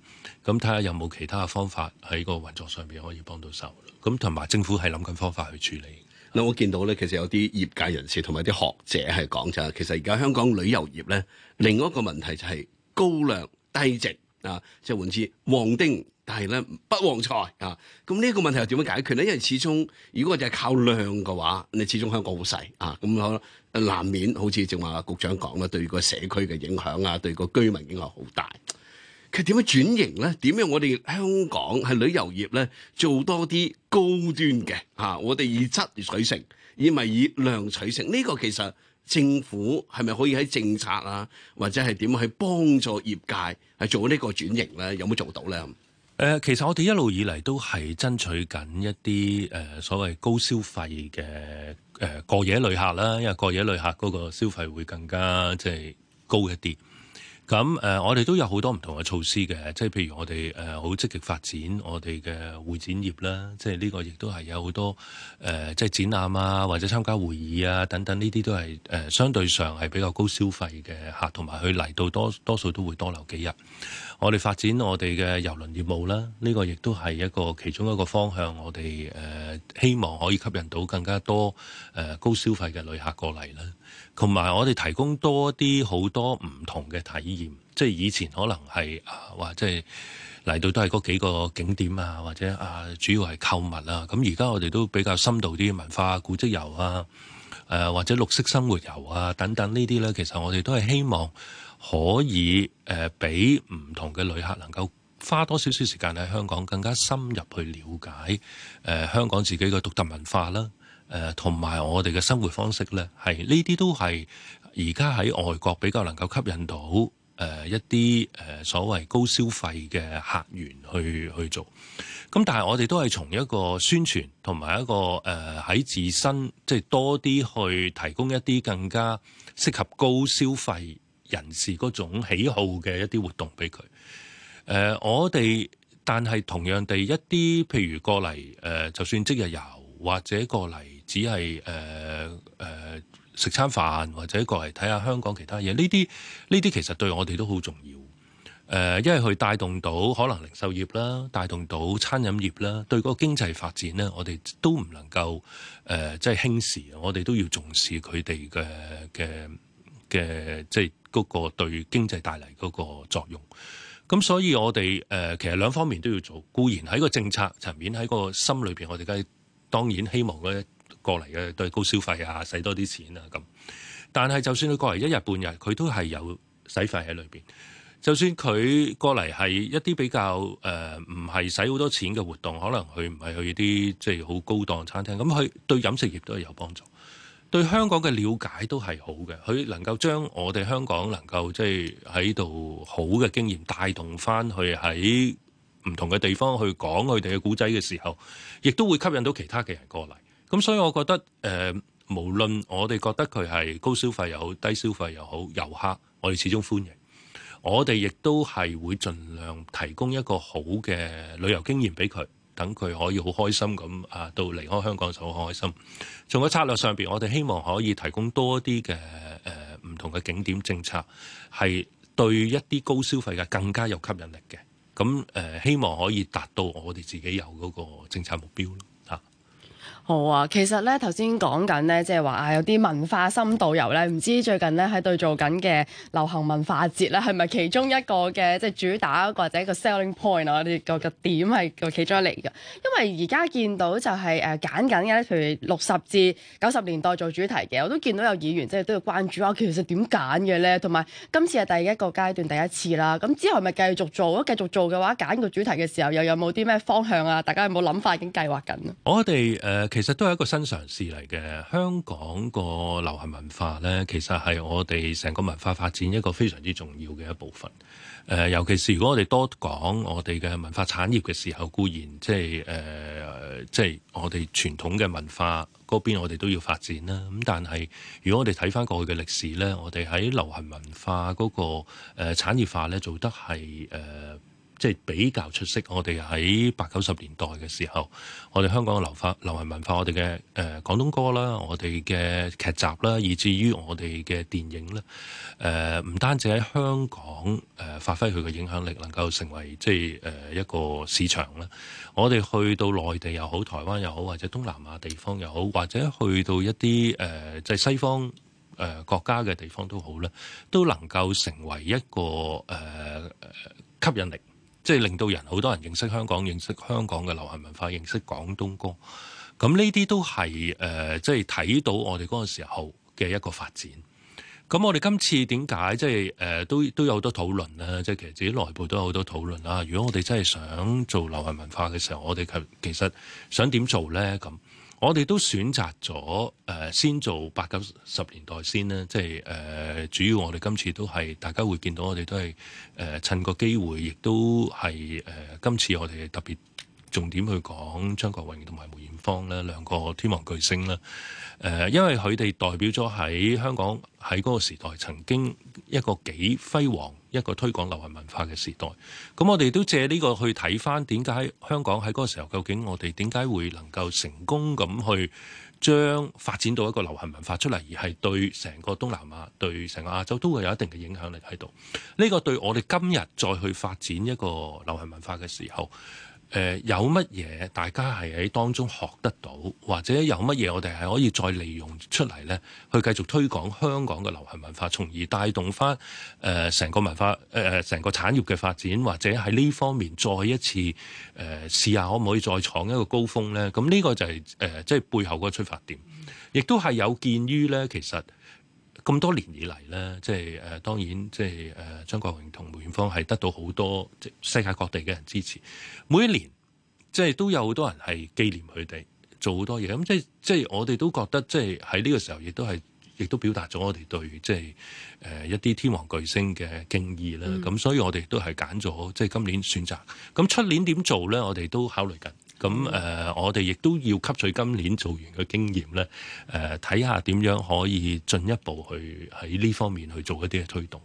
咁睇下有冇其他嘅方法喺個運作上邊可以幫到手。咁同埋政府係諗緊方法去處理。嗱、嗯，我見到咧，其實有啲業界人士同埋啲學者係講就係，其實而家香港旅遊業咧，另外一個問題就係高量低值啊，即係換之旺丁，但係咧不旺財啊，咁呢個個問題又點樣解決咧？因為始終如果就係靠量嘅話，你始終香港好細啊，咁、啊、可難免好似正話局長講啦，對個社區嘅影響啊，對個居民影響好大。佢點樣轉型咧？點樣我哋香港係旅遊業咧做多啲高端嘅啊？我哋以質取勝，以咪以量取勝呢、呢個其實政府係咪可以喺政策啊，或者係點樣去幫助業界係做呢個轉型咧？有冇做到咧？呃、其實我哋一路以嚟都係爭取緊一啲誒、呃、所謂高消費嘅誒過夜旅客啦，因為過夜旅客嗰個消費會更加即係、就是、高一啲。咁、嗯、誒、呃，我哋都有好多唔同嘅措施嘅，即係譬如我哋誒好積極發展我哋嘅會展業啦，即係呢個亦都係有好多誒、呃，即係展覽啊，或者參加會議啊等等，呢啲都係誒、呃、相對上係比較高消費嘅客，同埋佢嚟到多多數都會多留幾日。我哋發展我哋嘅遊輪業務啦，呢個亦都係一個其中一個方向，我，我哋誒希望可以吸引到更加多誒、呃、高消費嘅旅客過嚟啦。同埋我哋提供多啲好多唔同嘅體驗，即係以前可能係啊或者係嚟到都係嗰幾個景點啊，或者啊主要係購物啊。咁而家我哋都比較深度啲文化古蹟遊啊，誒、啊、或者綠色生活遊啊等等呢啲咧，其實我哋都係希望。可以誒俾唔同嘅旅客能夠花多少少時間喺香港，更加深入去了解誒香港自己嘅獨特文化啦。誒同埋我哋嘅生活方式咧，係呢啲都係而家喺外國比較能夠吸引到誒一啲誒所謂高消費嘅客源去去做。咁，但係我哋都係從一個宣傳同埋一個誒喺自身，即係多啲去提供一啲更加適合高消費人士嗰種喜好嘅一啲活動俾佢，呃，我哋，但係同樣地一啲譬如過嚟、呃、就算即日遊或者過嚟只係誒、呃呃、食餐飯或者過嚟睇下香港其他嘢，呢啲呢啲其實對我哋都好重要，呃、因為佢帶動到可能零售業啦，帶動到餐飲業啦，對個經濟發展咧，我哋都唔能夠呃、即係輕視，我哋都要重視佢哋嘅嘅嘅，即係。嗰個對經濟帶嚟嗰個作用，咁所以我哋誒、呃、其實兩方面都要做。固然喺個政策層面，喺個心裏邊，我哋梗係當然希望咧過嚟都係高消費啊，使多啲錢啊咁。但係就算佢過嚟一日半日，佢都係有使費喺裏邊。就算佢過嚟係一啲比較誒唔係使好多錢嘅活動，可能佢唔係去啲即係好高檔餐廳，咁佢對飲食業都係有幫助。對香港嘅了解都係好嘅，佢能夠將我哋香港能夠即係喺度好嘅經驗帶動翻去喺唔同嘅地方去講佢哋嘅古仔嘅時候，亦都會吸引到其他嘅人過嚟。咁所以我覺得誒、呃，無論我哋覺得佢係高消費又好、低消費又好，遊客我哋始終歡迎，我哋亦都係會盡量提供一個好嘅旅遊經驗俾佢。等佢可以好開心咁啊，到離開香港就好開心。從個策略上面，我哋希望可以提供多啲嘅呃唔同嘅景點政策，係對一啲高消費嘅更加有吸引力嘅。咁、呃、希望可以達到我哋自己有嗰個政策目標咯。好啊，oh, 其實咧頭先講緊咧，即係話啊，有啲文化深度遊咧，唔知最近咧喺度做緊嘅流行文化節咧，係咪其中一個嘅即係主打或者一個 selling point 啊，啲、這個個點係個其中一嚟嘅？因為而家見到就係揀緊嘅咧，譬如六十至九十年代做主題嘅，我都見到有議員即係都要關注啊。其實點揀嘅咧？同埋今次係第一個階段第一次啦，咁之後係咪繼續做？如果繼續做嘅話，揀個主題嘅時候又有冇啲咩方向啊？大家有冇諗法已經計劃緊啊？我哋其實都係一個新嘗試嚟嘅。香港個流行文化呢，其實係我哋成個文化發展一個非常之重要嘅一部分。誒、呃，尤其是如果我哋多講我哋嘅文化產業嘅時候，固然即係誒，即、呃、係、就是、我哋傳統嘅文化嗰邊，我哋都要發展啦。咁但係，如果我哋睇翻過去嘅歷史呢，我哋喺流行文化嗰、那個誒、呃、產業化呢，做得係誒。呃即係比較出色。我哋喺八九十年代嘅時候，我哋香港嘅流化、流行文化，我哋嘅誒廣東歌啦，我哋嘅劇集啦，以至於我哋嘅電影咧，誒、呃、唔單止喺香港誒、呃、發揮佢嘅影響力，能夠成為即係、呃、一個市場啦。我哋去到內地又好，台灣又好，或者東南亞地方又好，或者去到一啲、呃就係、西方誒、呃、國家嘅地方都好啦，都能夠成為一個、呃、吸引力。即係令到人好多人認識香港，認識香港嘅流行文化，認識廣東歌。咁呢啲都係、呃、即係睇到我哋嗰個時候嘅一個發展。咁我哋今次點解即係、呃、都都有好多討論呢？即係其實自己內部都有好多討論啦。如果我哋真係想做流行文化嘅時候，我哋其實想點做呢？咁。我哋都選擇咗、呃、先做八九十年代先啦。即係、呃、主要我哋今次都係大家會見到我哋都係、呃、趁個機會，亦都係、呃、今次我哋特別重點去講張國榮同埋梅艷芳咧兩個天王巨星啦、呃。因為佢哋代表咗喺香港喺嗰個時代曾經一個幾輝煌，一個推廣流行文化嘅時代，咁我哋都借呢個去睇翻，點解香港喺嗰個時候，究竟我哋點解會能夠成功咁去將發展到一個流行文化出嚟，而係對成個東南亞、對成個亞洲都會有一定嘅影響力喺度。呢個對我哋今日再去發展一個流行文化嘅時候。誒、呃、有乜嘢大家係喺當中學得到，或者有乜嘢我哋係可以再利用出嚟呢？去繼續推廣香港嘅流行文化，從而帶動翻誒成個文化誒成、呃、個產業嘅發展，或者喺呢方面再一次誒、呃、試下可唔可以再創一個高峰呢？咁呢個就係誒即係背後嗰個出發點，亦都係有見於呢其實。咁多年以嚟咧，即係誒，當然即係誒，張國榮同梅艷芳係得到好多即世界各地嘅人支持。每一年即係都有好多人係紀念佢哋，做好多嘢咁。即係即係我哋都覺得即係喺呢個時候，亦都係亦都表達咗我哋對即係誒一啲天王巨星嘅敬意啦。咁、嗯、所以我哋都係揀咗即係今年選擇，咁出年點做咧？我哋都考慮緊。咁誒、呃，我哋亦都要吸取今年做完嘅經驗咧，誒睇下點樣可以進一步去喺呢方面去做一啲嘅推動。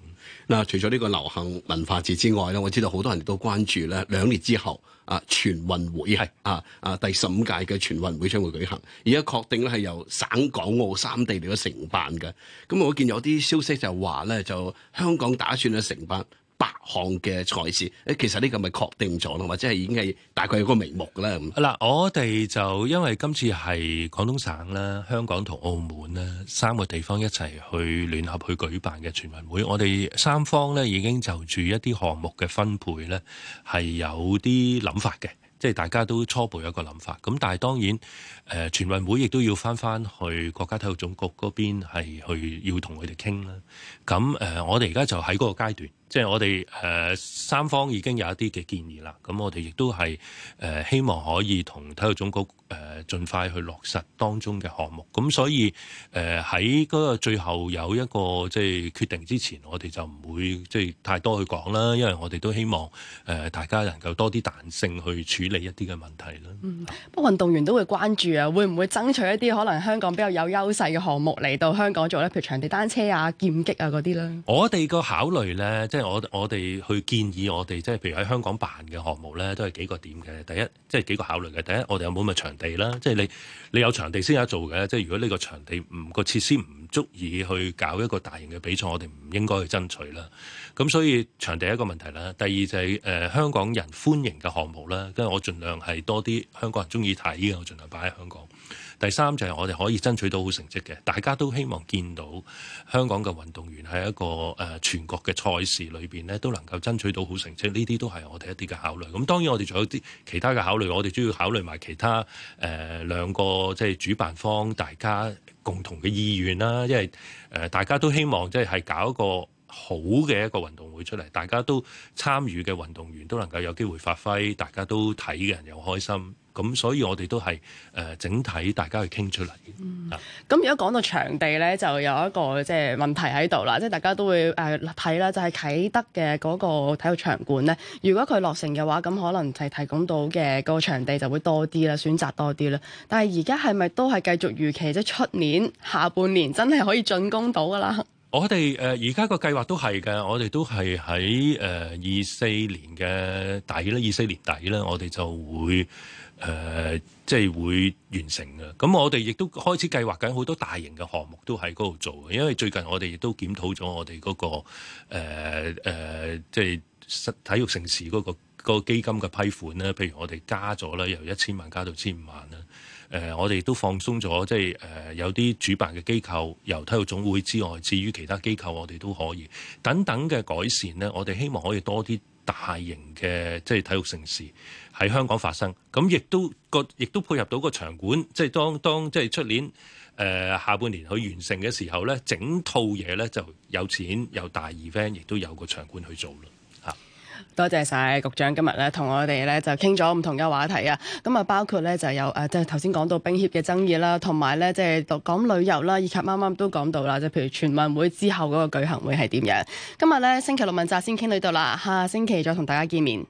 嗱，除咗呢個流行文化節之外咧，我知道好多人都關注咧，兩年之後啊，全運會係是啊啊第十五屆嘅全運會將會舉行，而家確定咧係由省港澳三地嚟咗承辦嘅。咁我見有啲消息就話咧，就香港打算去承辦。八項嘅賽事，其實呢個咪確定咗咯，或者係已經係大概有個眉目啦。咁嗱，我哋就因為今次係廣東省啦、香港同澳門啦三個地方一齊去聯合去舉辦嘅全運會，我哋三方咧已經就住一啲項目嘅分配咧係有啲諗法嘅，即係大家都初步有個諗法。咁但係當然，誒、呃，全運會亦都要翻翻去國家體育總局嗰邊係去要同佢哋傾啦。咁、呃、我哋而家就喺嗰個階段。即係我哋誒、呃、三方已經有一啲嘅建議啦，咁我哋亦都係誒、呃、希望可以同體育總局誒、呃、盡快去落實當中嘅項目。咁所以誒喺嗰個最後有一個即係決定之前，我哋就唔會即係太多去講啦，因為我哋都希望誒、呃、大家能夠多啲彈性去處理一啲嘅問題啦。不過、嗯、運動員都會關注啊，會唔會爭取一啲可能香港比較有優勢嘅項目嚟到香港做咧？譬如場地單車啊、劍擊啊嗰啲啦。我哋個考慮咧，即係。我我哋去建議我哋即係，譬如喺香港辦嘅項目呢，都係幾個點嘅。第一，即係幾個考慮嘅。第一，我哋有冇咁嘅場地啦？即係你你有場地先有得做嘅。即係如果呢個場地唔、這個設施唔足以去搞一個大型嘅比賽，我哋唔應該去爭取啦。咁所以場地一個問題啦。第二就係、是、誒、呃、香港人歡迎嘅項目啦，跟住我盡量係多啲香港人鍾意睇嘅，我盡量擺喺香港。第三就係我哋可以爭取到好成績嘅，大家都希望見到香港嘅運動員喺一個全國嘅賽事裏面呢，都能夠爭取到好成績。呢啲都係我哋一啲嘅考慮。咁當然我哋仲有啲其他嘅考慮，我哋主要考慮埋其他誒兩個即係主辦方大家共同嘅意願啦。因為大家都希望即係係搞一個好嘅一個運動會出嚟，大家都參與嘅運動員都能夠有機會發揮，大家都睇嘅人又開心。咁、嗯、所以我哋都係誒、呃、整體大家去傾出嚟嘅。咁如果講到場地呢，就有一個即係問題喺度啦，即係大家都會誒睇啦，就係、是、啟德嘅嗰個體育場館呢。如果佢落成嘅話，咁可能係提供到嘅個場地就會多啲啦，選擇多啲啦。但係而家係咪都係繼續預期即係出年下半年真係可以進攻到㗎喇？我哋誒而家個計劃都係嘅，我哋都係喺誒二四年嘅底啦，二四年底咧，我哋就會。誒、呃，即係會完成嘅。咁我哋亦都開始計劃緊好多大型嘅項目，都喺嗰度做。因為最近我哋亦都檢討咗我哋嗰、個、呃呃、即係體育城市嗰、個個基金嘅批款啦。譬如我哋加咗啦，由一千萬加到千五萬啦、呃。我哋亦都放鬆咗，即係、呃、有啲主辦嘅機構由體育總會之外，至於其他機構，我哋都可以等等嘅改善呢，我哋希望可以多啲大型嘅，即係體育城市。喺香港發生，咁亦都個，亦都配合到個場館，即係當當即係出年誒、呃、下半年去完成嘅時候咧，整套嘢咧就有錢，有大 event 亦都有個場館去做咯嚇。啊、多謝晒局長，今日咧同我哋咧就傾咗唔同嘅話題啊。咁啊，包括咧就有誒，即係頭先講到冰協嘅爭議啦，同埋咧即係講旅遊啦，以及啱啱都講到啦，即係譬如全運會之後嗰個舉行會係點樣。今日咧星期六問責先傾到呢度啦，下星期再同大家見面。